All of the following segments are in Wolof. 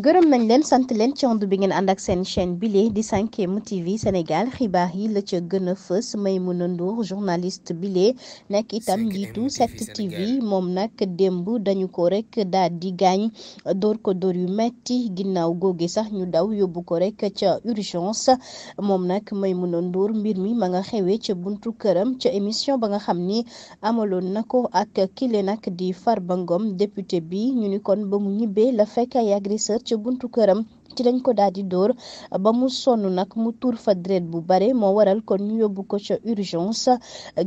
gërëm nañ leen sant leen ci ànd bi ngeen ànd ak seen chaine bile di 5M TV Sénégal xibaar yi la ca gën a fës Maimouna Ndour journaliste bile nekk itam njiitu 7TV moom nag démb dañu ko rek daal di gaañ dóor ko dóor yu metti ginnaaw googe sax ñu daw yóbbu ko rek ca urgence moom nag may Maimouna Ndour mbir mi ma nga xewee ca buntu këram ca émission ba nga xam ni amaloon na ko ak kile nag di Farba Ngom député bi ñu ni kon ba mu ñibbee la fekk ay agresseur ca buntu këram ci lañ ko daal di dóor ba mu sonn nag mu tuur fa deret bu bare moo waral kon ñu yóbbu ko ca urgence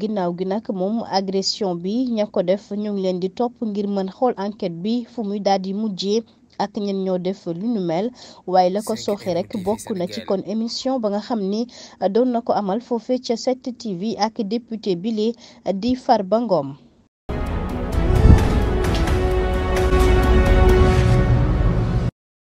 ginnaaw gi nag moom agression bi ña ko def ñu ngi leen di topp ngir mën xool enquête bi fu muy daal di mujjee. ak ñen ñoo def lu ñu mel waaye la ko sooxe rek bokk na ci kon émission ba nga xam ni doon na ko amal foofee ca 7TV ak député bile di far ba Ngom